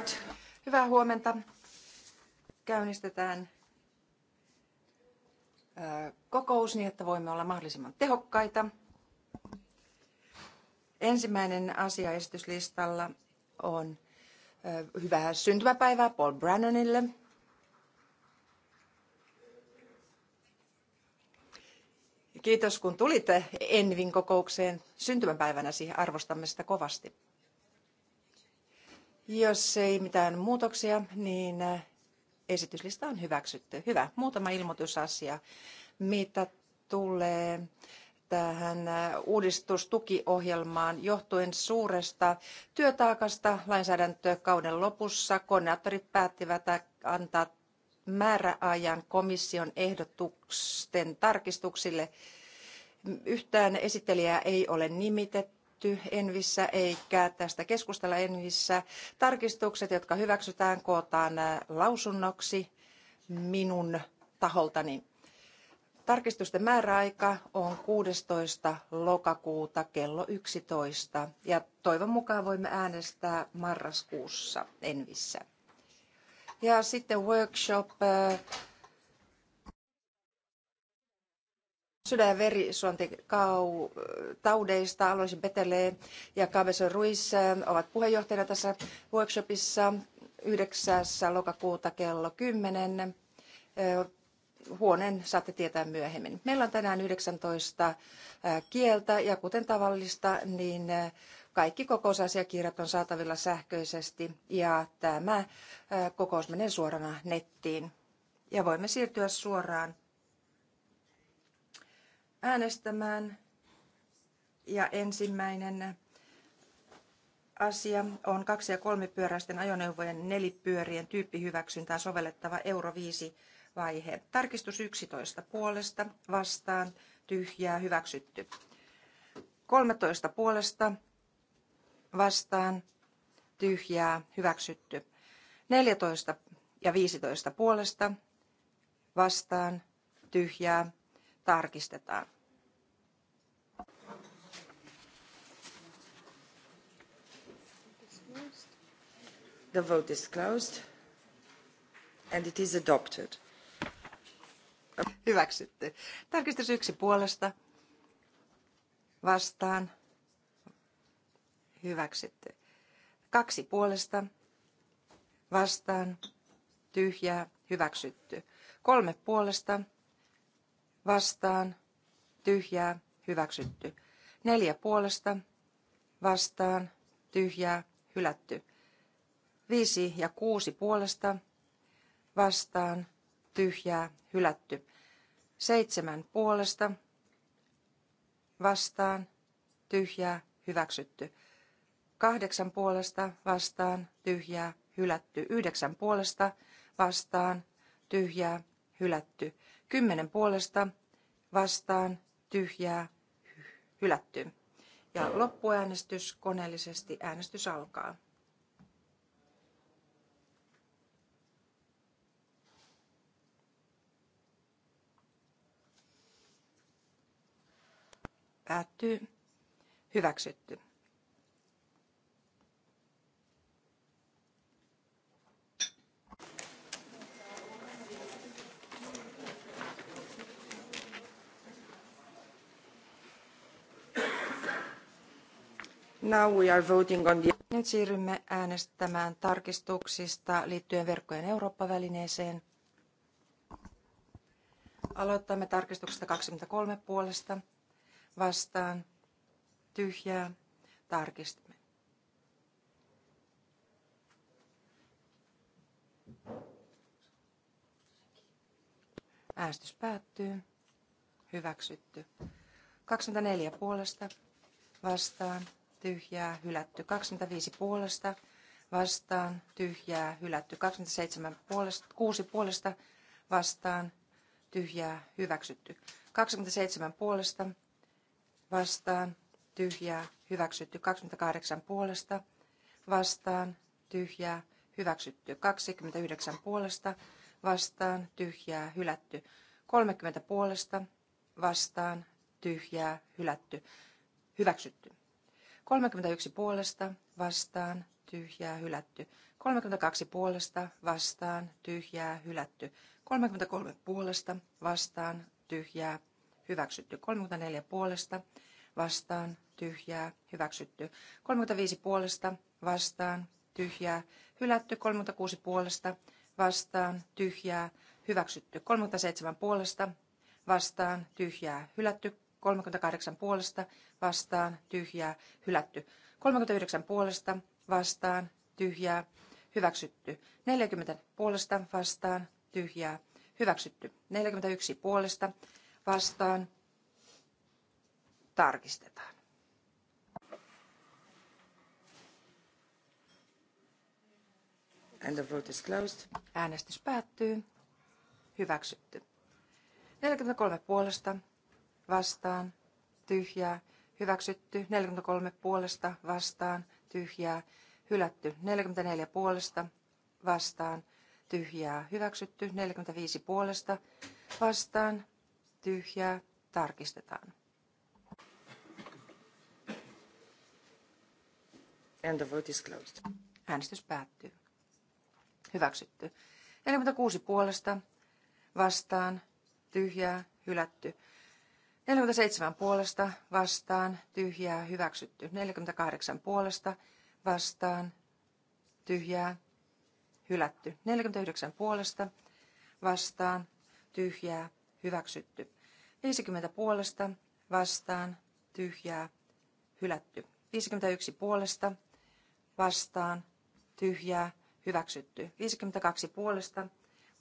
start. Hyvää huomenta. Käynnistetään kokous niin, että voimme olla mahdollisimman tehokkaita. Ensimmäinen asia esityslistalla on hyvää syntymäpäivää Paul Brannonille. Kiitos kun tulitte Envin kokoukseen syntymäpäivänäsi, arvostamme sitä kovasti. Jos ei mitään muutoksia, niin äh, esityslista on hyväksytty. Hyvä. Muutama ilmoitusasia, mitä tulee tähän äh, uudistustukiohjelmaan johtuen suuresta työtaakasta lainsäädäntökauden lopussa. Koordinaattorit päättivät äh, antaa määräajan komission ehdotusten tarkistuksille. Yhtään esittelijää ei ole nimitetty päätetty Envissä eikä tästä keskustella Envissä. Tarkistukset, jotka hyväksytään, kootaan äh, lausunnoksi minun taholtani. Tarkistusten määräaika on 16. lokakuuta kello 11 ja toivon mukaan voimme äänestää marraskuussa Envissä. Ja sitten workshop äh, sydän- ja verisuonitaudeista. Aloisin Petele ja Cabezon Ruiz eh, ovat puheenjohtajina tässä workshopissa 9. lokakuuta kello 10. Eh, huoneen saatte tietää myöhemmin. Meillä on tänään 19 eh, kieltä ja kuten tavallista, niin kaikki kokousasiakirjat on saatavilla sähköisesti ja tämä kokous menee suorana nettiin. Ja voimme siirtyä suoraan äänestämään. Ja ensimmäinen asia on kaksi- ja kolmipyöräisten ajoneuvojen nelipyörien tyyppihyväksyntää sovellettava Euro 5 vaihe. Tarkistus 11 puolesta vastaan tyhjää hyväksytty. 13 puolesta vastaan tyhjää hyväksytty. 14 ja 15 puolesta vastaan tyhjää tarkistetaan. The vote is closed and it is adopted. Hyväksytty. Tarkistus yksi puolesta. Vastaan. Hyväksytty. Kaksi puolesta. Vastaan. Tyhjää. Hyväksytty. Kolme puolesta vastaan, tyhjää, hyväksytty. Neljä puolesta, vastaan, tyhjää, hylätty. Viisi ja kuusi puolesta, vastaan, tyhjää, hylätty. Seitsemän puolesta, vastaan, tyhjää, hyväksytty. Kahdeksan puolesta, vastaan, tyhjää, hylätty. Yhdeksän puolesta, vastaan, tyhjää, hylätty. Kymmenen puolesta vastaan tyhjää hylätty. Ja loppuäänestys koneellisesti äänestys alkaa. Päättyy. Hyväksytty. Now we are voting on the... siirrymme äänestämään tarkistuksista liittyen verkkojen Eurooppa-välineeseen. Aloitamme tarkistuksesta 23 puolesta. Vastaan. Tyhjää. Tarkistamme. Äänestys päättyy. Hyväksytty. 24 puolesta. Vastaan tyhjää, hylätty 25 puolesta, vastaan, tyhjää, hylätty 27 puolesta, 6 puolesta, vastaan, tyhjää, hyväksytty 27 puolesta, vastaan, tyhjää, hyväksytty 28 puolesta, vastaan, tyhjää, hyväksytty 29 puolesta, vastaan, tyhjää, hylätty 30 puolesta, vastaan, tyhjää, hylätty, hyväksytty. 31 puolesta vastaan tyhjää hylätty. 32 puolesta vastaan tyhjää hylätty. 33 puolesta vastaan tyhjää hyväksytty. 34 puolesta vastaan tyhjää hyväksytty. 35 puolesta vastaan tyhjää hylätty. 36 puolesta vastaan tyhjää hyväksytty. 37 puolesta vastaan tyhjää hylätty. 38 puolesta vastaan tyhjää hylätty. 39 puolesta vastaan tyhjää hyväksytty. 40 puolesta vastaan tyhjää hyväksytty. 41 puolesta vastaan tarkistetaan. And the vote is closed. Äänestys päättyy. Hyväksytty. 43 puolesta vastaan, tyhjää, hyväksytty. 43 puolesta vastaan, tyhjää, hylätty. 44 puolesta vastaan, tyhjää, hyväksytty. 45 puolesta vastaan, tyhjää, tarkistetaan. And the vote is closed. Äänestys päättyy. Hyväksytty. 46 puolesta, vastaan, tyhjää, hylätty. 47 puolesta vastaan tyhjää hyväksytty. 48 puolesta vastaan tyhjää hylätty. 49 puolesta vastaan tyhjää hyväksytty. 50 puolesta vastaan tyhjää hylätty. 51 puolesta vastaan tyhjää hyväksytty. 52 puolesta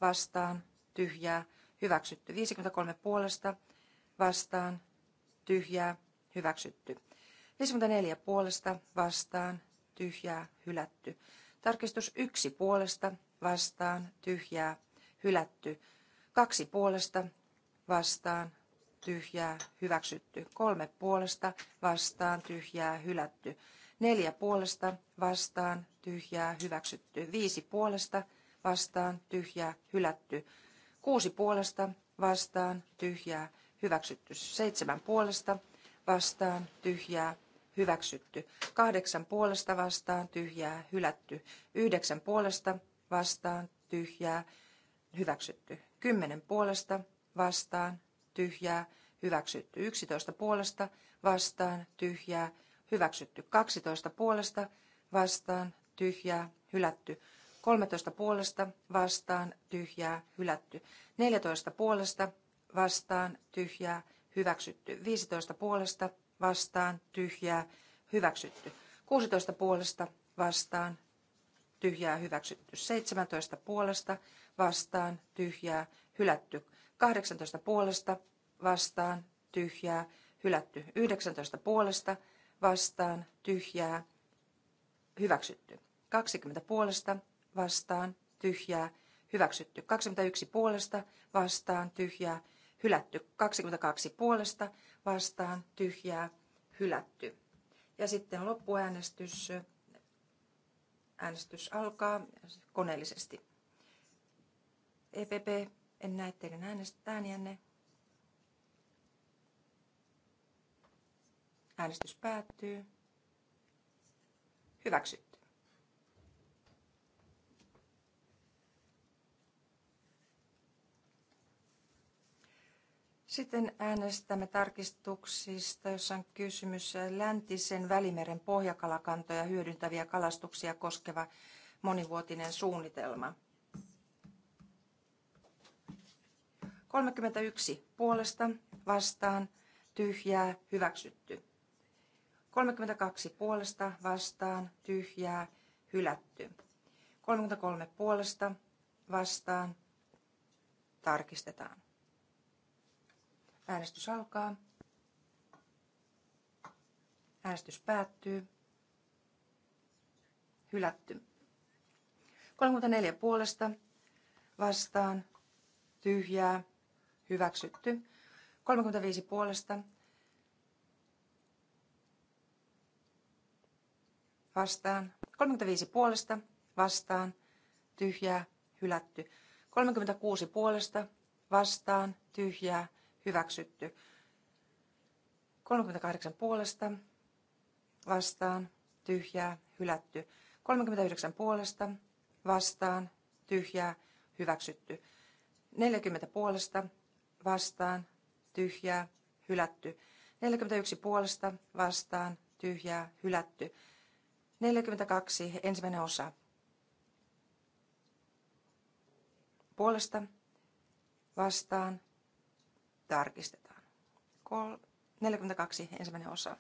vastaan tyhjää hyväksytty. 53 puolesta vastaan, vastaan, tyhjää, hyväksytty. 54 puolesta vastaan, tyhjää, hylätty. Tarkistus 1 puolesta vastaan, tyhjää, hylätty. 2 puolesta vastaan, tyhjää, hyväksytty. 3 puolesta vastaan, tyhjää, hylätty. 4 puolesta vastaan, tyhjää, hyväksytty. 5 puolesta vastaan, tyhjää, hylätty. 6 puolesta vastaan, tyhjää, hyväksytty. Seitsemän puolesta vastaan, tyhjää, hyväksytty. Kahdeksan puolesta vastaan, tyhjää, hylätty. Yhdeksän puolesta vastaan, tyhjää, hyväksytty. Kymmenen puolesta vastaan, tyhjää, hyväksytty. Yksitoista puolesta vastaan, tyhjää, hyväksytty. Kaksitoista puolesta vastaan, tyhjää, hylätty. 13 puolesta vastaan tyhjää hylätty. 14 puolesta vastaan tyhjää hyväksytty. 15 puolesta vastaan tyhjää hyväksytty. 16 puolesta vastaan tyhjää hyväksytty. 17 puolesta vastaan tyhjää hylätty. 18 puolesta vastaan tyhjää hylätty. 19 puolesta vastaan tyhjää hyväksytty. 20 puolesta vastaan tyhjää hyväksytty. 21 puolesta vastaan tyhjää hylätty. 22 puolesta vastaan tyhjää hylätty. Ja sitten loppuäänestys. Äänestys alkaa koneellisesti. EPP, en näe teidän ääniänne. Äänestys päättyy. Hyväksytty. Sitten äänestämme tarkistuksista, jossa on kysymys läntisen välimeren pohjakalakantoja hyödyntäviä kalastuksia koskeva monivuotinen suunnitelma. 31 puolesta vastaan tyhjää hyväksytty. 32 puolesta vastaan tyhjää hylätty. 33 puolesta vastaan tarkistetaan. Äänestys alkaa. Äänestys päättyy. Hylätty. 34 puolesta vastaan tyhjää hyväksytty. 35 puolesta vastaan. 35 puolesta vastaan tyhjää hylätty. 36 puolesta vastaan tyhjää hyväksytty. 38 puolesta vastaan tyhjää hylätty. 39 puolesta vastaan tyhjää hyväksytty. 40 puolesta vastaan tyhjää hylätty. 41 puolesta vastaan tyhjää hylätty. 42 ensimmäinen osa puolesta vastaan tarkistetaan. 42 ensimmäinen osa.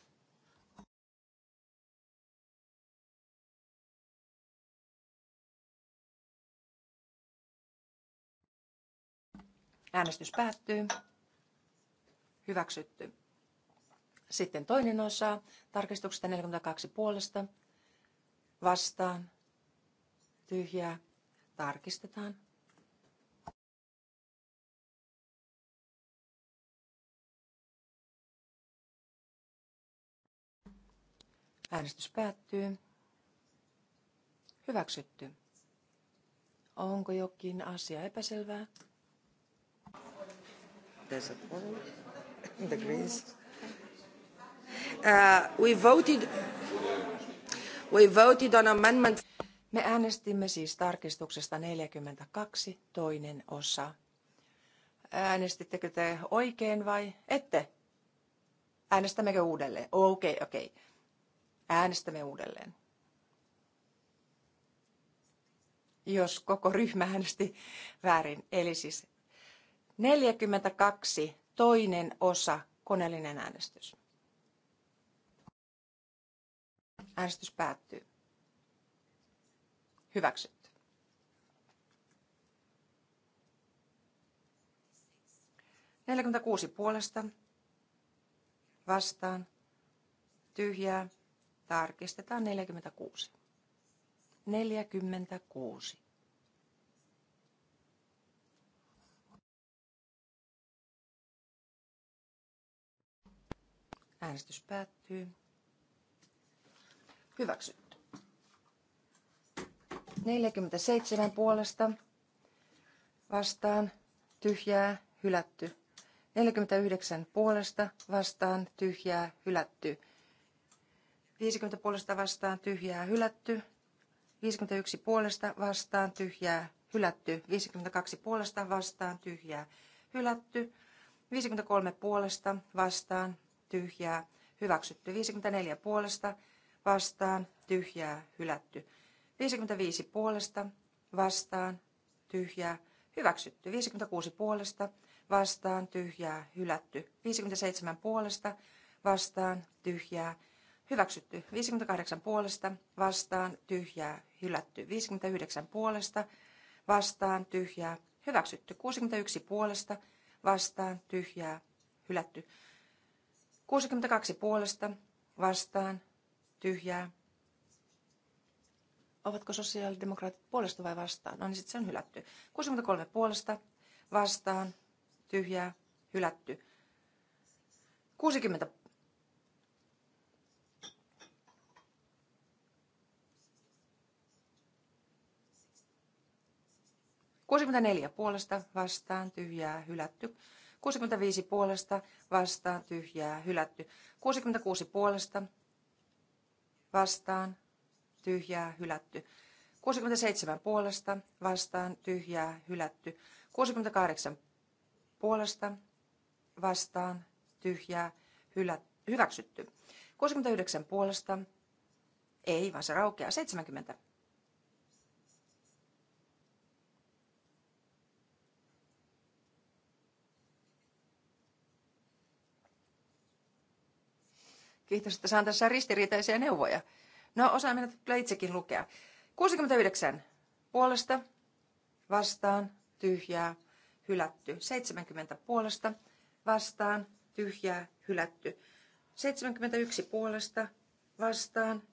Äänestys päättyy. Hyväksytty. Sitten toinen osa tarkistuksesta 42 puolesta. Vastaan. Tyhjää. Tarkistetaan. Äänestys päättyy. Hyväksytty. Onko jokin asia epäselvää? There's a The Greens. Uh, we voted. We voted on amendment. Me äänestimme siis tarkistuksesta 42, toinen osa. Äänestittekö te oikein vai ette? Äänestämmekö uudelleen? Okei, okay, okei. Okay äänestämme uudelleen. Jos koko ryhmä äänesti väärin, eli siis 42 toinen osa koneellinen äänestys. Äänestys päättyy. Hyväksytty. Neljäkymmentäkuusi puolesta. Vastaan. Tyhjää. Tarkistetaan 46. 46. Äänestys päättyy. Hyväksytty. 47 puolesta vastaan tyhjää hylätty. 49 puolesta vastaan tyhjää hylätty. 50 puolesta vastaan tyhjää hylätty. 51 puolesta vastaan tyhjää hylätty. 52 puolesta vastaan tyhjää hylätty. 53 puolesta vastaan tyhjää hyväksytty. 54 puolesta vastaan tyhjää hylätty. 55 puolesta vastaan tyhjää hyväksytty. 56 puolesta vastaan tyhjää hylätty. 57 puolesta vastaan tyhjää Hyväksytty 58 puolesta, vastaan tyhjää, hylätty 59 puolesta, vastaan tyhjää, hyväksytty 61 puolesta, vastaan tyhjää, hylätty 62 puolesta, vastaan tyhjää. Ovatko sosiaalidemokraatit puolesta vai vastaan? No niin sitten se on hylätty. 63 puolesta, vastaan tyhjää, hylätty. 60 64 puolesta vastaan tyhjää hylätty. 65 puolesta vastaan tyhjää hylätty. 66 puolesta vastaan tyhjää hylätty. 67 puolesta vastaan tyhjää hylätty. 68 puolesta vastaan tyhjää hylätty. hyväksytty. 69 puolesta ei, vaan se raukeaa 70 Kiitos, että saan tässä ristiriitaisia neuvoja. No, osaan mennä kyllä itsekin lukea. 69 puolesta, vastaan, tyhjää, hylätty. 70 puolesta, vastaan, tyhjää, hylätty. 71 puolesta, vastaan,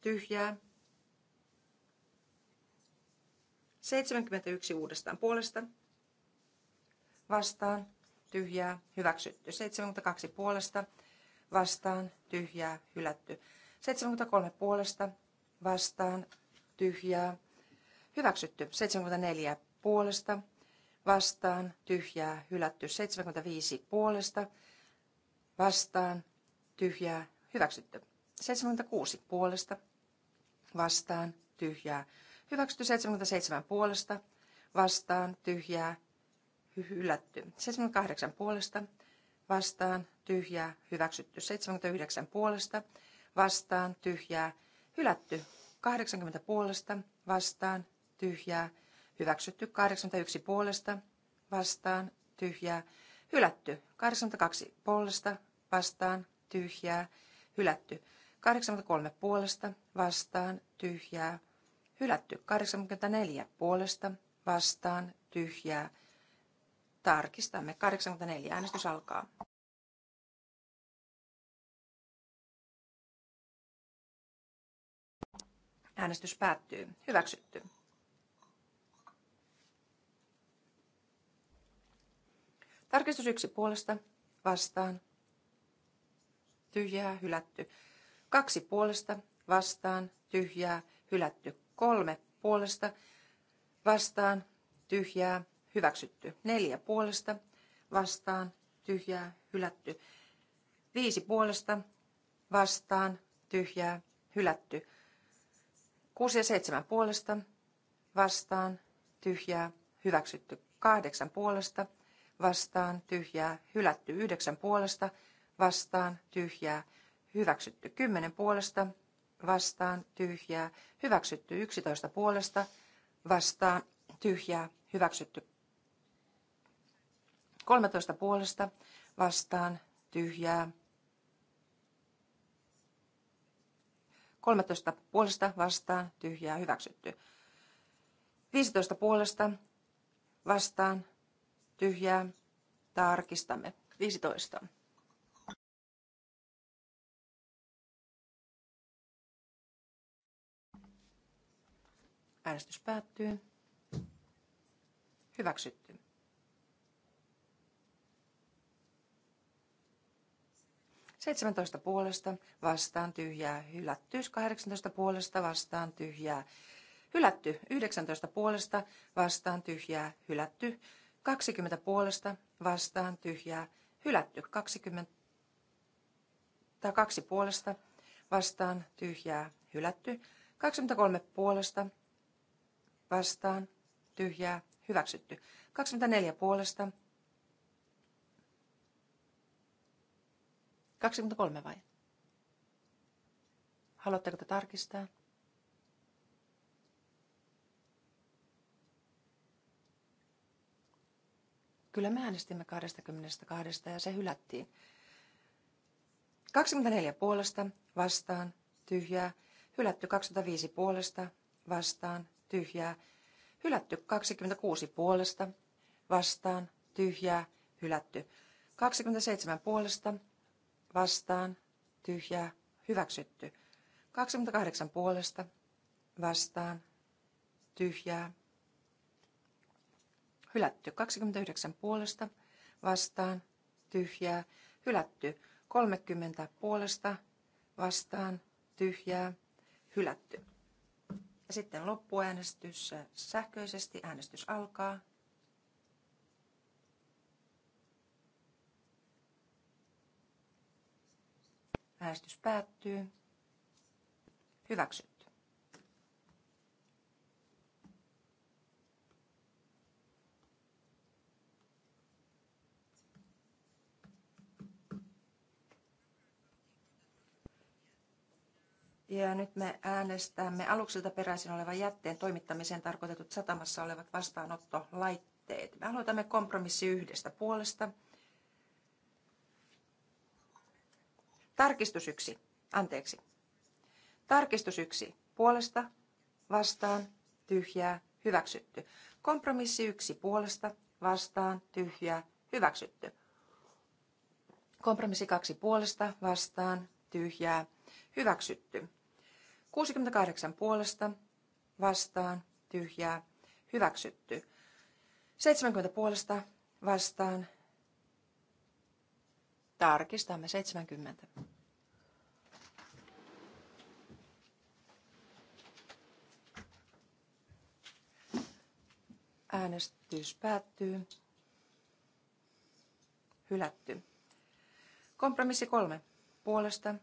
tyhjää. 71 uudestaan puolesta, vastaan, tyhjää, hyväksytty. 72 puolesta, vastaan, tyhjää, hylätty. 73 puolesta, vastaan, tyhjää, hyväksytty. 74 puolesta, vastaan, tyhjää, hylätty. 75 puolesta, vastaan, tyhjää, hyväksytty. 76 puolesta, vastaan, tyhjää, hyväksytty. 77 puolesta, vastaan, tyhjää, hylätty. 78 puolesta, vastaan tyhjää hyväksytty. 79 puolesta vastaan tyhjää hylätty. 80 puolesta vastaan tyhjää hyväksytty. 81 puolesta vastaan tyhjää hylätty. 82 puolesta vastaan tyhjää hylätty. 83 puolesta vastaan tyhjää hylätty. 84 puolesta vastaan tyhjää hylätty Tarkistamme. 84. Äänestys alkaa. Äänestys päättyy. Hyväksytty. Tarkistus yksi puolesta. Vastaan. Tyhjää. Hylätty. Kaksi puolesta. Vastaan. Tyhjää. Hylätty. Kolme puolesta. Vastaan. Tyhjää hyväksytty. Neljä puolesta vastaan tyhjää hylätty. Viisi puolesta vastaan tyhjää hylätty. Kuusi ja seitsemän puolesta vastaan tyhjää hyväksytty. Kahdeksan puolesta vastaan tyhjää hylätty. Yhdeksän puolesta vastaan tyhjää hyväksytty. Kymmenen puolesta vastaan tyhjää hyväksytty. Yksitoista puolesta vastaan tyhjää hyväksytty 13 puolesta vastaan tyhjää. 13 puolesta vastaan tyhjää hyväksytty. 15 puolesta vastaan tyhjää. Tarkistamme. 15. Äänestys päättyy. Hyväksytty. 17 puolesta vastaan tyhjää hylätty, 18 puolesta vastaan tyhjää hylätty, 19 puolesta vastaan tyhjää hylätty, 20 puolesta vastaan tyhjää hylätty, 20 tai 2 puolesta vastaan tyhjää hylätty, 23 puolesta vastaan tyhjää hyväksytty, 24 puolesta 23 vai? Haluatteko te tarkistaa? Kyllä me äänestimme 22 ja se hylättiin. 24 puolesta, vastaan, tyhjää. Hylätty 25 puolesta, vastaan, tyhjää. Hylätty 26 puolesta, vastaan, tyhjää, hylätty. 27 puolesta, vastaan, tyhjää, hyväksytty. 28 puolesta, vastaan, tyhjää, hylätty. 29 puolesta, vastaan, tyhjää, hylätty. 30 puolesta, vastaan, tyhjää, hylätty. Ja sitten loppuäänestys sähköisesti. Äänestys alkaa. Äänestys päättyy. Hyväksyt. Ja nyt me äänestämme alukselta peräisin olevan jätteen toimittamiseen tarkoitetut satamassa olevat vastaanottolaitteet. Me aloitamme kompromissi yhdestä puolesta Tarkistus yksi. Anteeksi. Tarkistus yksi. Puolesta, vastaan, tyhjää, hyväksytty. Kompromissi yksi. Puolesta, vastaan, tyhjää, hyväksytty. Kompromissi kaksi. Puolesta, vastaan, tyhjää, hyväksytty. 68 puolesta, vastaan, tyhjää, hyväksytty. 70 puolesta, vastaan, tarkistamme 70. Äänestys päättyy. Hylätty. Kompromissi kolme. Puolesta.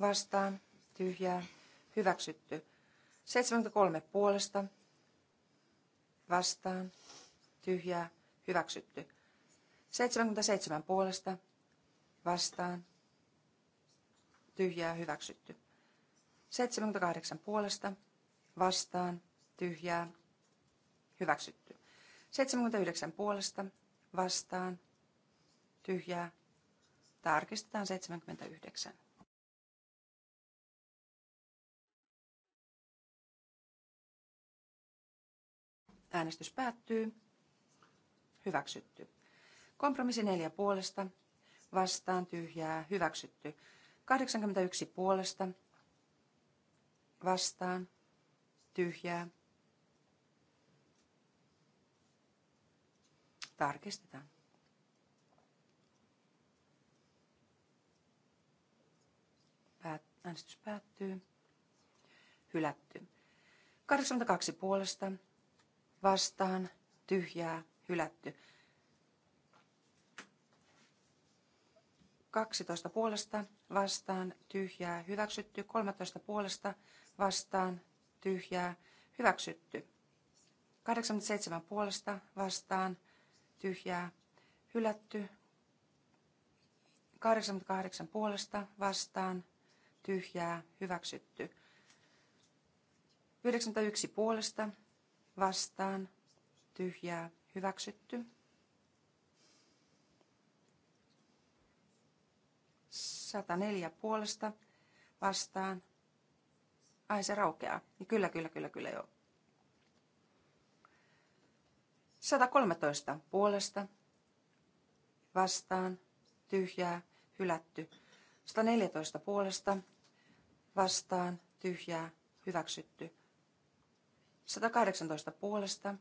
Vastaan. Tyhjää. Hyväksytty. 73 puolesta. Vastaan. Tyhjää. Hyväksytty. 77 puolesta. Vastaan. Tyhjää. Hyväksytty. 78 puolesta. Vastaan. Tyhjää. Hyväksytty. 79 puolesta vastaan tyhjää. Tarkistetaan 79. Äänestys päättyy. Hyväksytty. Kompromissi 4 puolesta. Vastaan tyhjää. Hyväksytty. 81 puolesta. Vastaan tyhjää. Tarkistetaan. Päät, äänestys päättyy. Hylätty. 82 puolesta. Vastaan. Tyhjää. Hylätty. 12 puolesta. Vastaan. Tyhjää. Hyväksytty. 13 puolesta. Vastaan. Tyhjää. Hyväksytty. 87 puolesta. Vastaan tyhjää hylätty. 88 puolesta vastaan tyhjää hyväksytty. 91 puolesta vastaan tyhjää hyväksytty. 104 puolesta vastaan. Ai se raukeaa. Niin kyllä, kyllä, kyllä, kyllä joo. 113 puolesta vastaan tyhjää hylätty. 114 puolesta vastaan tyhjää hyväksytty. 118 puolesta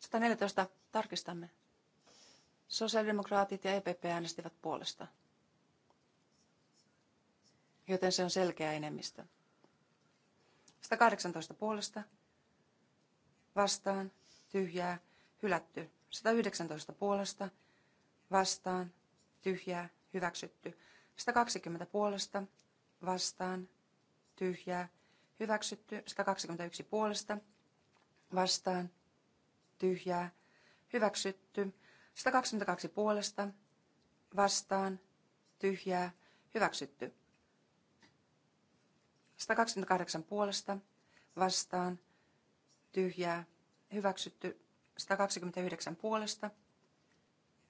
Sataneljätoista tarkistamme. Sosiaalidemokraatit ja EPP äänestivät puolesta, joten se on selkeä enemmistö. 118 puolesta vastaan tyhjää hylätty. 119 puolesta vastaan tyhjää hyväksytty. 120 puolesta vastaan tyhjää hyväksytty. 121 puolesta vastaan tyhjää hyväksytty. 122 puolesta vastaan tyhjää hyväksytty. 128 puolesta vastaan tyhjää hyväksytty 129 puolesta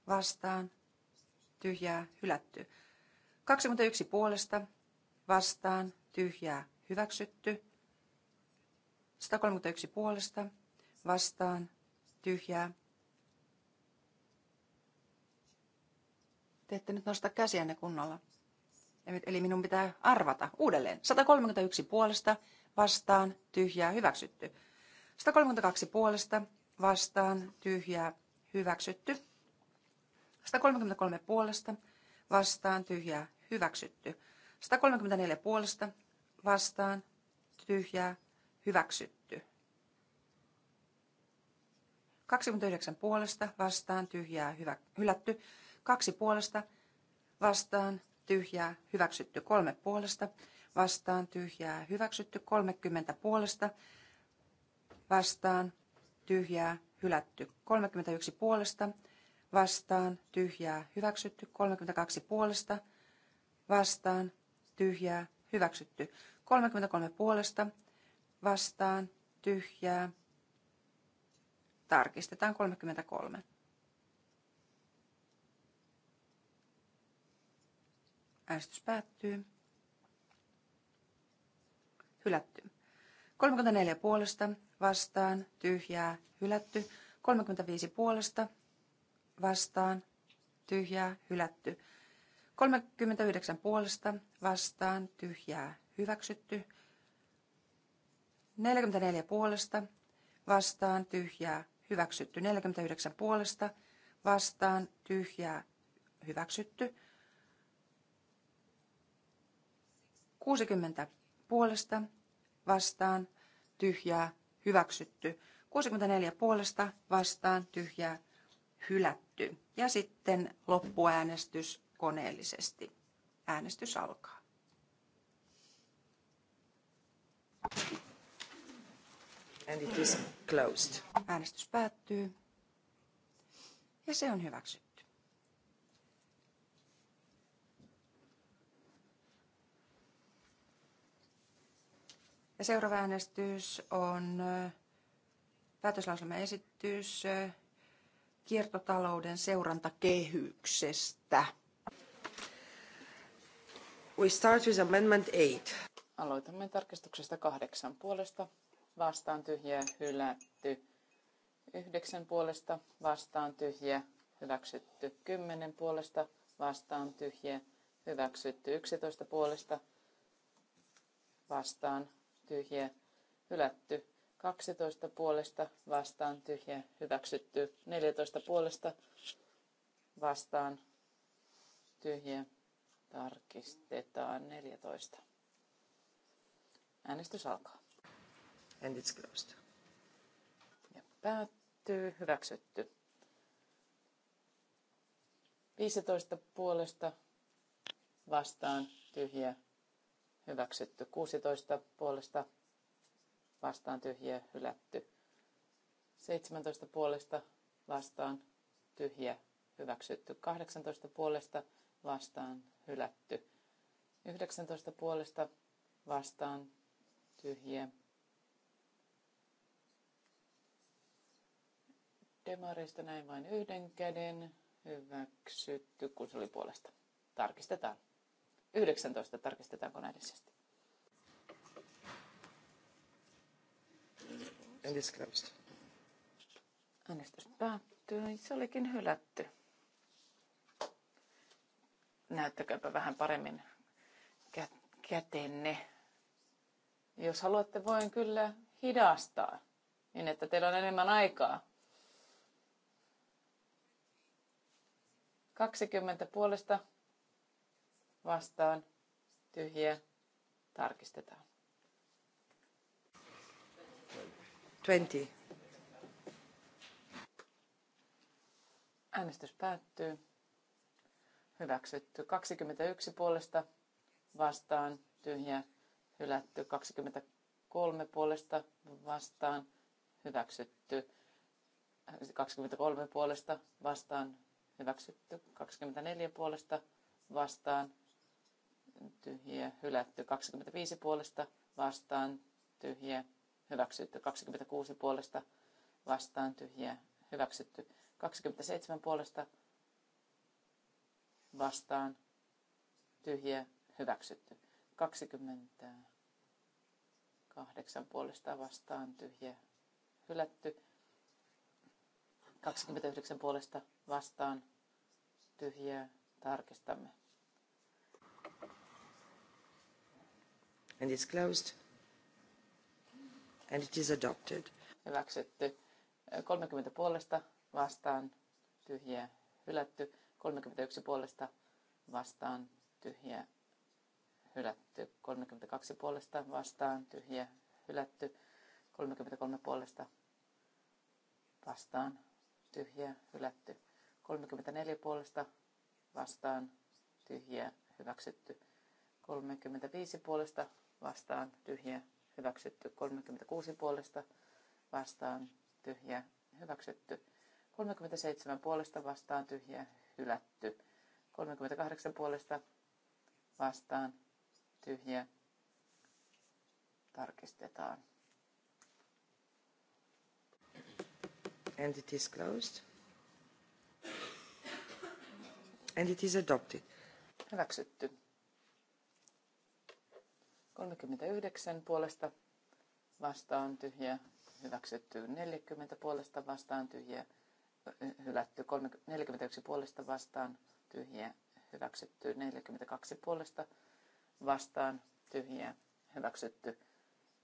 vastaan tyhjää hylätty. 21 puolesta vastaan tyhjää hyväksytty. 131 puolesta vastaan tyhjää. Te ette nyt nosta käsiänne kunnolla. Eli minun pitää arvata uudelleen. 131 puolesta vastaan tyhjää hyväksytty. 132 puolesta vastaan tyhjää hyväksytty. 133 puolesta vastaan tyhjää hyväksytty. 134 puolesta vastaan tyhjää hyväksytty. 29 puolesta vastaan tyhjää hyvä, hylätty. 2 puolesta vastaan tyhjää, hyväksytty kolme puolesta, vastaan tyhjää, hyväksytty 30 puolesta, vastaan tyhjää, hylätty 31 puolesta, vastaan tyhjää, hyväksytty 32 puolesta, vastaan tyhjää, hyväksytty 33 puolesta, vastaan tyhjää, tarkistetaan 33. Äänestys päättyy. Hylätty. 34 puolesta, vastaan, tyhjää, hylätty. 35 puolesta, vastaan, tyhjää, hylätty. 39 puolesta, vastaan, tyhjää, hyväksytty. 44 puolesta, vastaan, tyhjää, hyväksytty. 49 puolesta, vastaan, tyhjää, hyväksytty. 60 puolesta vastaan tyhjää hyväksytty. 64 puolesta vastaan tyhjää hylätty. Ja sitten loppuäänestys koneellisesti. Äänestys alkaa. And it is closed. Äänestys päättyy. Ja se on hyväksytty. Ja seuraava äänestys on päätöslauselman esitys kiertotalouden seurantakehyksestä. We start with amendment 8. Aloitamme tarkistuksesta kahdeksan puolesta. Vastaan tyhjä, hylätty. Yhdeksän puolesta, vastaan tyhjä, hyväksytty. Kymmenen puolesta, vastaan tyhjä, hyväksytty. Yksitoista puolesta, vastaan tyhjä hylätty. 12 puolesta vastaan tyhjä hyväksytty. 14 puolesta vastaan tyhjä tarkistetaan 14. Äänestys alkaa. And it's closed. Ja päättyy. Hyväksytty. 15 puolesta vastaan tyhjä hyväksytty 16 puolesta vastaan tyhjiä hylätty 17 puolesta vastaan tyhjiä hyväksytty 18 puolesta vastaan hylätty 19 puolesta vastaan tyhjiä demareista näin vain yhden käden hyväksytty, kun se oli puolesta. Tarkistetaan. 19 tarkistetaanko koneellisesti. Äänestys Äänestys päättyy. Se olikin hylätty. Näyttäkääpä vähän paremmin kä- kätenne. Jos haluatte, voin kyllä hidastaa, niin että teillä on enemmän aikaa. 20 puolesta vastaan, tyhjiä, tarkistetaan. 20. Äänestys päättyy. Hyväksytty 21 puolesta vastaan, tyhjä, hylätty 23 puolesta vastaan, hyväksytty 23 puolesta vastaan, hyväksytty 24 puolesta vastaan, tyhjiä, hylätty 25 puolesta vastaan tyhjiä, hyväksytty 26 puolesta vastaan tyhjiä, hyväksytty 27 puolesta vastaan tyhjiä, hyväksytty 28 puolesta vastaan tyhjiä, hylätty 29 puolesta vastaan tyhjiä, tarkistamme and it's closed and it is adopted. Hyväksytty. 30 puolesta vastaan tyhjiä hylätty. 31 puolesta vastaan tyhjiä hylätty. 32 puolesta vastaan tyhjiä hylätty. 33 puolesta vastaan tyhjiä hylätty. 34 puolesta vastaan tyhjiä hyväksytty. 35 puolesta vastaan tyhjä hyväksytty. 36 puolesta vastaan tyhjä hyväksytty. 37 puolesta vastaan tyhjä hylätty. 38 puolesta vastaan tyhjä tarkistetaan. And it is closed. And it is adopted. Hyväksytty. 39 puolesta vastaan tyhjä, hyväksytty 40 puolesta vastaan tyhjä, hylätty 41 puolesta vastaan tyhjä, hyväksytty 42 puolesta vastaan tyhjä, hyväksytty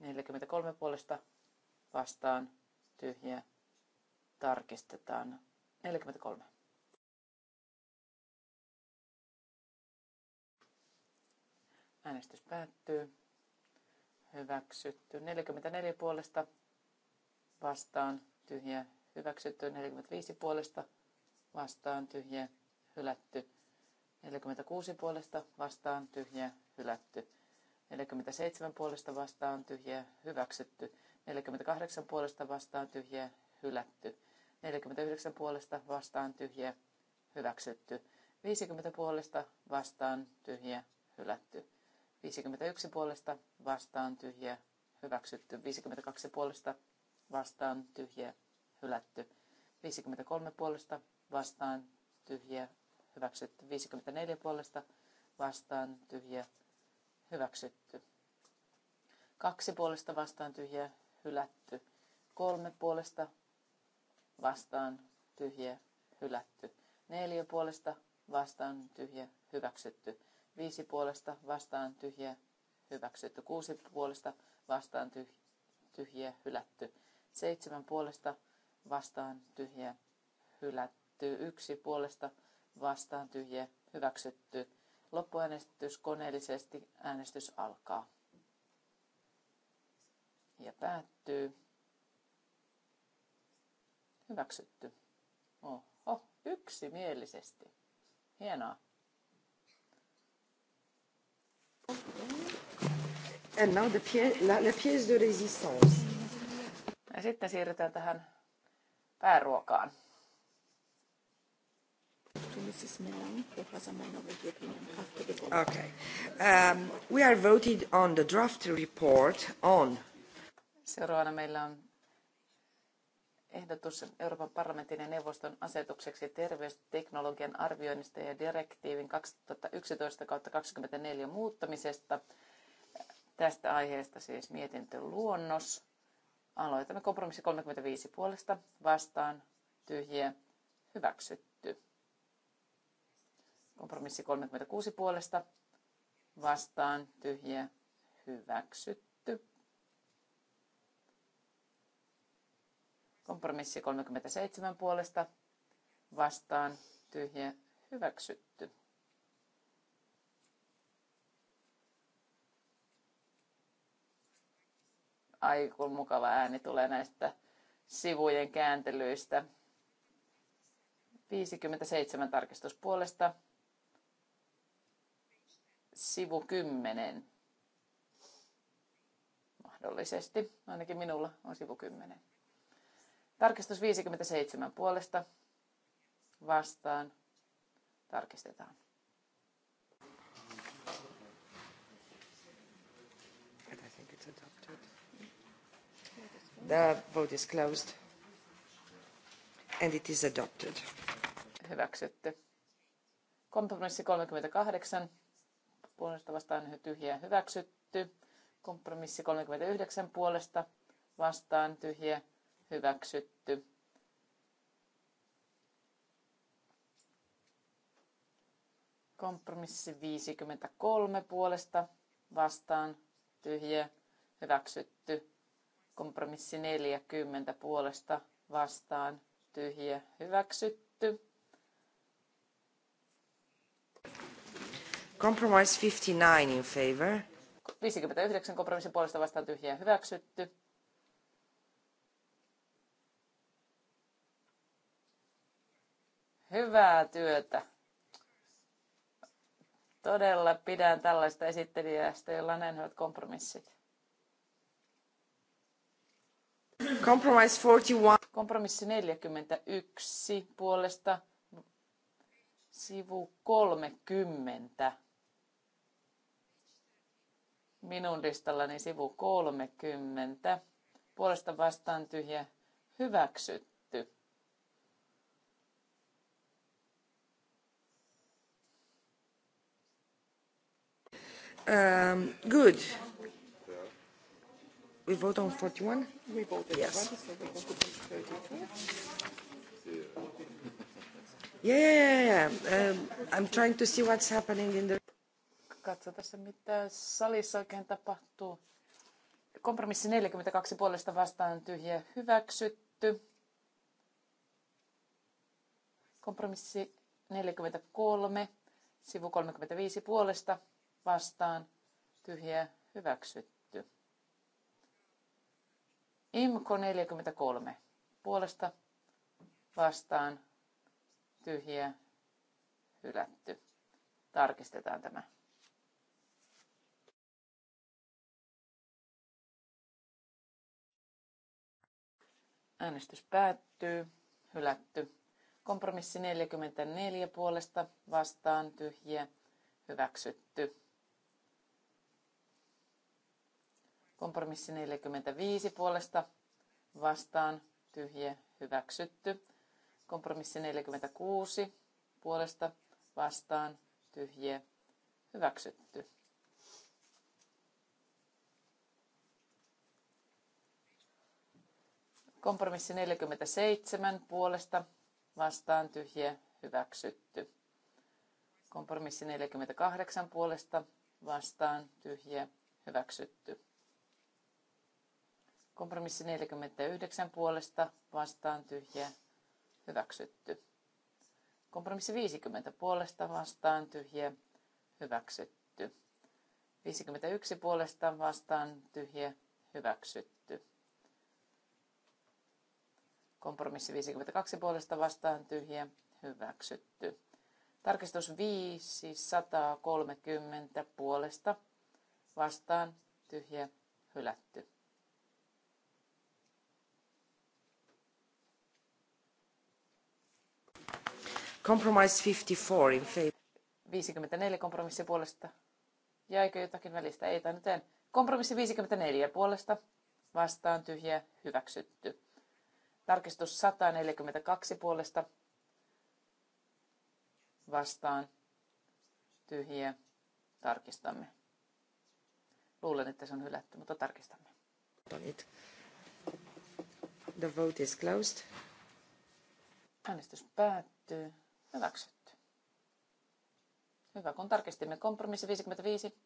43 puolesta vastaan tyhjä, tarkistetaan 43. Äänestys päättyy hyväksytty. 44 puolesta vastaan tyhjä hyväksytty. 45 puolesta vastaan tyhjä hylätty. 46 puolesta vastaan tyhjä hylätty. 47 puolesta vastaan tyhjä hyväksytty. 48 puolesta vastaan tyhjä hylätty. 49 puolesta vastaan tyhjä hyväksytty. 50 puolesta vastaan tyhjä hylätty. 51 puolesta vastaan tyhjä hyväksytty. 52 puolesta vastaan tyhjä hylätty. 53 puolesta vastaan tyhjä hyväksytty. 54 puolesta vastaan tyhjä hyväksytty. Kaksi puolesta vastaan tyhjä hylätty. Kolme puolesta vastaan tyhjä hylätty. Neljä puolesta vastaan tyhjä hyväksytty. 5 puolesta vastaan tyhjä hyväksytty. 6 puolesta vastaan tyhjä hylätty. 7 puolesta vastaan tyhjä hylätty. 1 puolesta vastaan tyhjä hyväksytty. Loppuäänestys koneellisesti. Äänestys alkaa. Ja päättyy. Hyväksytty. Oho, yksimielisesti. Hienoa. And now the pièce, la, pièce de résistance. Ja sitten siirrytään tähän pääruokaan. Okay. Um, we are voted on the draft report on. Seuraavana meillä on ehdotus Euroopan parlamentin ja neuvoston asetukseksi terveysteknologian arvioinnista ja direktiivin 2011-24 muuttamisesta. Tästä aiheesta siis mietintö luonnos. Aloitamme kompromissi 35 puolesta vastaan tyhjiä hyväksytty. Kompromissi 36 puolesta vastaan tyhjiä hyväksytty Kompromissi 37 puolesta vastaan tyhjä hyväksytty. Ai kun mukava ääni tulee näistä sivujen kääntelyistä. 57 tarkistuspuolesta. Sivu 10. Mahdollisesti, ainakin minulla on sivu 10. Tarkistus 57 puolesta vastaan. Tarkistetaan. The vote is closed and it is adopted. Hyväksytty. Kompromissi 38 puolesta vastaan tyhjä hyväksytty. Kompromissi 39 puolesta vastaan tyhjä hyväksytty. Kompromissi 53 puolesta vastaan tyhjä hyväksytty. Kompromissi 40 puolesta vastaan tyhjä hyväksytty. Compromise 59 in favor. 59 kompromissin puolesta vastaan tyhjä hyväksytty. hyvää työtä. Todella pidän tällaista esittelijästä, jolla näin hyvät kompromissit. Compromise 41. Kompromissi 41 puolesta sivu 30. Minun listallani sivu 30. Puolesta vastaan tyhjä hyväksyt. Um, good. We vote on 41? We voted yes. 20, so we Yeah, yeah, yeah. Um, I'm trying to see what's happening in the... Katsotaan se, mitä salissa oikein tapahtuu. Kompromissi 42 puolesta vastaan tyhjä hyväksytty. Kompromissi 43, sivu 35 puolesta vastaan tyhjä hyväksytty. Imko 43 puolesta vastaan tyhjä hylätty. Tarkistetaan tämä. Äänestys päättyy. Hylätty. Kompromissi 44 puolesta vastaan tyhjä hyväksytty. Kompromissi 45 puolesta vastaan tyhjä hyväksytty. Kompromissi 46 puolesta vastaan tyhjä hyväksytty. Kompromissi 47 puolesta vastaan tyhjä hyväksytty. Kompromissi 48 puolesta vastaan tyhjä hyväksytty. Kompromissi 49 puolesta vastaan tyhjä hyväksytty. Kompromissi 50 puolesta vastaan tyhjä hyväksytty. 51 puolesta vastaan tyhjä hyväksytty. Kompromissi 52 puolesta vastaan tyhjä hyväksytty. Tarkistus 530 puolesta vastaan tyhjä hylätty. Compromise 54 in favor. 54 kompromissi puolesta. Jäikö jotakin välistä? Ei tainnut en. Kompromissi 54 puolesta. Vastaan tyhjä. Hyväksytty. Tarkistus 142 puolesta. Vastaan tyhjä. Tarkistamme. Luulen, että se on hylätty, mutta tarkistamme. The vote is closed. Äänestys päättyy. Hyväksytty. Hyvä, kun tarkistimme kompromissi 55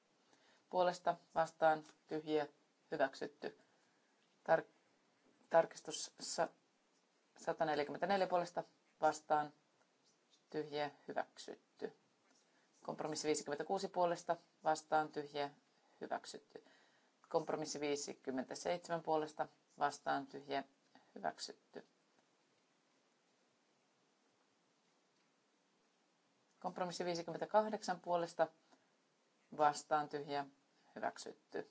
puolesta vastaan tyhjiä hyväksytty. Tar- tarkistus 144 puolesta vastaan tyhjiä hyväksytty. Kompromissi 56 puolesta vastaan tyhjiä hyväksytty. Kompromissi 57 puolesta vastaan tyhjiä hyväksytty. Kompromissi 58 puolesta vastaan tyhjä hyväksytty.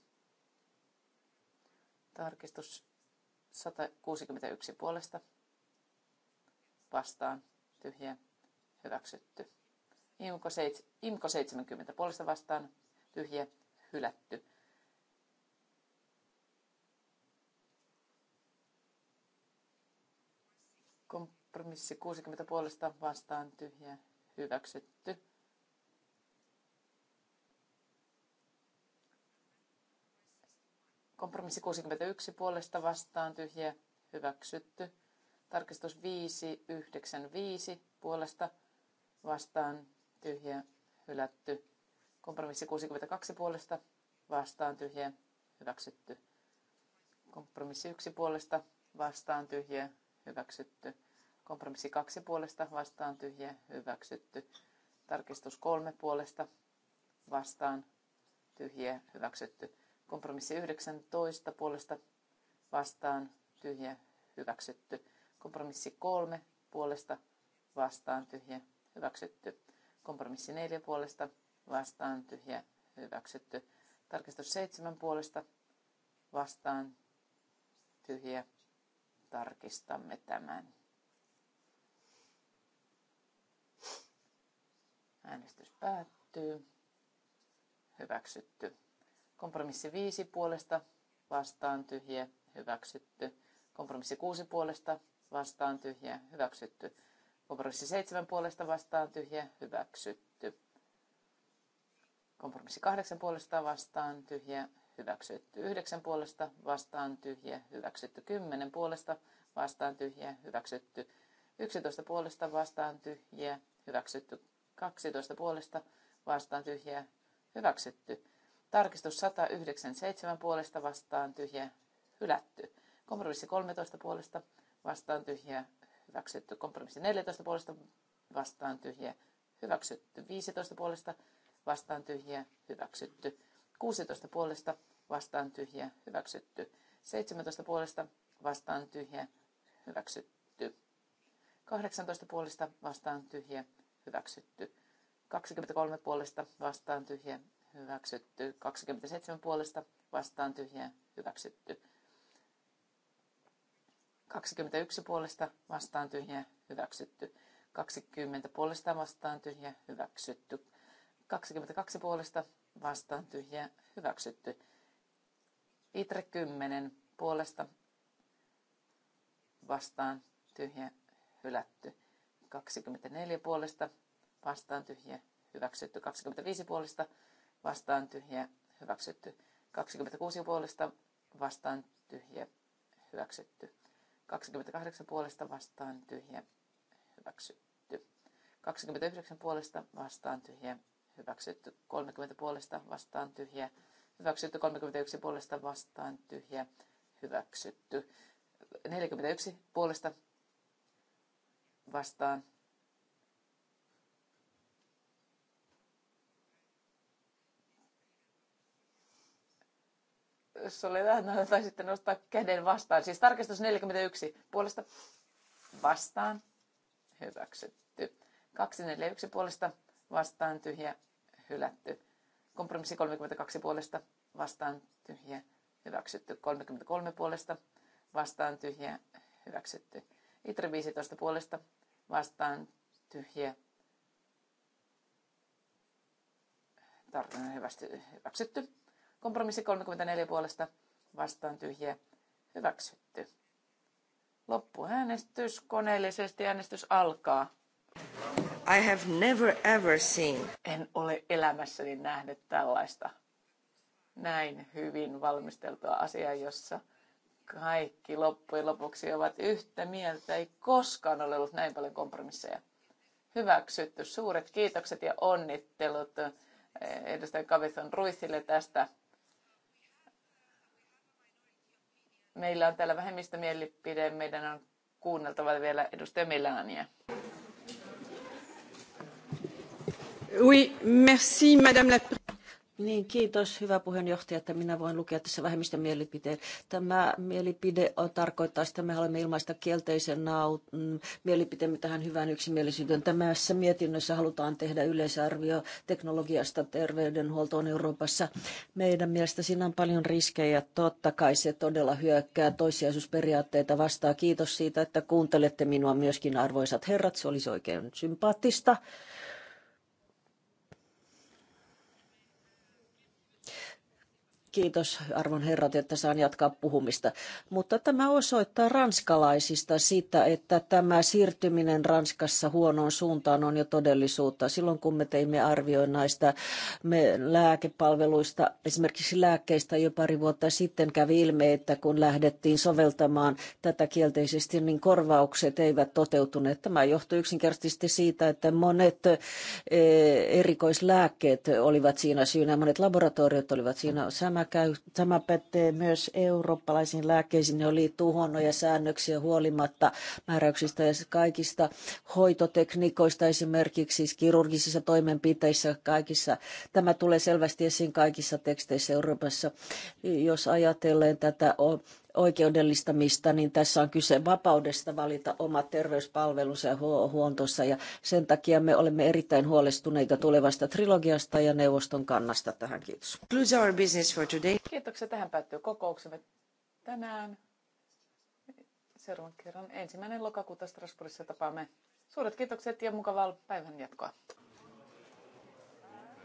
Tarkistus 161 puolesta vastaan tyhjä hyväksytty. Imko, seit, Imko 70 puolesta vastaan tyhjä hylätty. Kompromissi 60 puolesta vastaan tyhjä hyväksytty. Kompromissi 61 puolesta vastaan tyhjä hyväksytty. Tarkistus 595 puolesta vastaan tyhjä hylätty. Kompromissi 62 puolesta vastaan tyhjä hyväksytty. Kompromissi 1 puolesta vastaan tyhjä hyväksytty. Kompromissi kaksi puolesta vastaan tyhjä hyväksytty. Tarkistus kolme puolesta vastaan tyhjä hyväksytty. Kompromissi 19 puolesta vastaan tyhjä hyväksytty. Kompromissi kolme puolesta vastaan tyhjä hyväksytty. Kompromissi neljä puolesta vastaan tyhjä hyväksytty. Tarkistus seitsemän puolesta vastaan tyhjä. Tarkistamme tämän. Äänestys päättyy. Hyväksytty. Kompromissi 5 puolesta vastaan tyhjä. Hyväksytty. Kompromissi 6 puolesta vastaan tyhjä. Hyväksytty. Kompromissi 7 puolesta vastaan tyhjä. Hyväksytty. Kompromissi 8 puolesta vastaan tyhjä. Hyväksytty. 9 puolesta vastaan tyhjä. Hyväksytty. 10 puolesta vastaan tyhjä. Hyväksytty. 11 puolesta vastaan tyhjä. Hyväksytty 12 puolesta vastaan tyhjä hyväksytty. Tarkistus 197 puolesta vastaan tyhjä hylätty. Kompromissi 13 puolesta vastaan tyhjä hyväksytty. Kompromissi 14 puolesta vastaan tyhjä hyväksytty. 15 puolesta vastaan tyhjä hyväksytty. 16 puolesta vastaan tyhjä hyväksytty. 17 puolesta vastaan tyhjä hyväksytty. 18 puolesta vastaan tyhjä hyväksytty. 23 puolesta vastaan tyhjä hyväksytty. 27 puolesta vastaan tyhjä hyväksytty. 21 puolesta vastaan tyhjä hyväksytty. 20 puolesta vastaan tyhjä hyväksytty. 22 puolesta vastaan tyhjä hyväksytty. Itre 10 puolesta vastaan tyhjä hylätty. 24 puolesta vastaan tyhjä hyväksytty. 25 puolesta vastaan tyhjä hyväksytty. 26 puolesta vastaan tyhjä hyväksytty. 28 puolesta vastaan tyhjä hyväksytty. 29 puolesta vastaan tyhjä hyväksytty. 30 puolesta vastaan tyhjä hyväksytty. 31 puolesta vastaan tyhjä hyväksytty. 41 puolesta vastaan. Soledad tai sitten nostaa käden vastaan. Siis tarkistus 41 puolesta vastaan. Hyväksytty. 241 puolesta vastaan tyhjä hylätty. Kompromissi 32 puolesta vastaan tyhjä hyväksytty. 33 puolesta vastaan tyhjä hyväksytty. Itre 15 puolesta vastaan tyhjä. Tarkoinen hyväksytty. Kompromissi 34 puolesta vastaan tyhjä. Hyväksytty. Loppuäänestys koneellisesti. Äänestys alkaa. I have never ever seen. En ole elämässäni nähnyt tällaista näin hyvin valmisteltua asiaa, jossa kaikki loppujen lopuksi ovat yhtä mieltä. Ei koskaan ole ollut näin paljon kompromisseja. Hyväksytty. Suuret kiitokset ja onnittelut eh, edustaja Kavithon Ruisille tästä. Meillä on täällä vähemmistömielipide. Meidän on kuunneltava vielä edustaja Melania. Oui, merci, madame la... Niin, kiitos hyvä puheenjohtaja, että minä voin lukea tässä vähemmistön mielipiteen. Tämä mielipide on, tarkoittaa sitä, että me haluamme ilmaista kielteisen naut- mielipiteemme tähän hyvään yksimielisyyteen. Tämässä mietinnössä halutaan tehdä yleisarvio teknologiasta terveydenhuoltoon Euroopassa. Meidän mielestä siinä on paljon riskejä. Totta kai se todella hyökkää toissijaisuusperiaatteita vastaan. Kiitos siitä, että kuuntelette minua myöskin arvoisat herrat. Se olisi oikein sympaattista Kiitos arvon herrat, että saan jatkaa puhumista. Mutta tämä osoittaa ranskalaisista sitä, että tämä siirtyminen Ranskassa huonoon suuntaan on jo todellisuutta. Silloin kun me teimme arvioin näistä me lääkepalveluista, esimerkiksi lääkkeistä jo pari vuotta sitten kävi ilme, että kun lähdettiin soveltamaan tätä kielteisesti, niin korvaukset eivät toteutuneet. Tämä johtui yksinkertaisesti siitä, että monet eh, erikoislääkkeet olivat siinä syynä, monet laboratoriot olivat siinä sama. Tämä, käy, tämä pätee myös eurooppalaisiin lääkkeisiin, ne liittyy huonoja säännöksiä huolimatta määräyksistä ja kaikista hoitotekniikoista, esimerkiksi siis kirurgisissa toimenpiteissä kaikissa. Tämä tulee selvästi esiin kaikissa teksteissä Euroopassa. Jos ajatellaan tätä oikeudellistamista, niin tässä on kyse vapaudesta valita omat terveyspalvelunsa ja huoltonsa. Ja sen takia me olemme erittäin huolestuneita tulevasta trilogiasta ja neuvoston kannasta tähän. Kiitos. Kiitoksia. Tähän päättyy kokouksemme tänään. Seuraavan kerran ensimmäinen lokakuuta Strasbourgissa tapaamme. Suuret kiitokset ja mukavaa päivän jatkoa.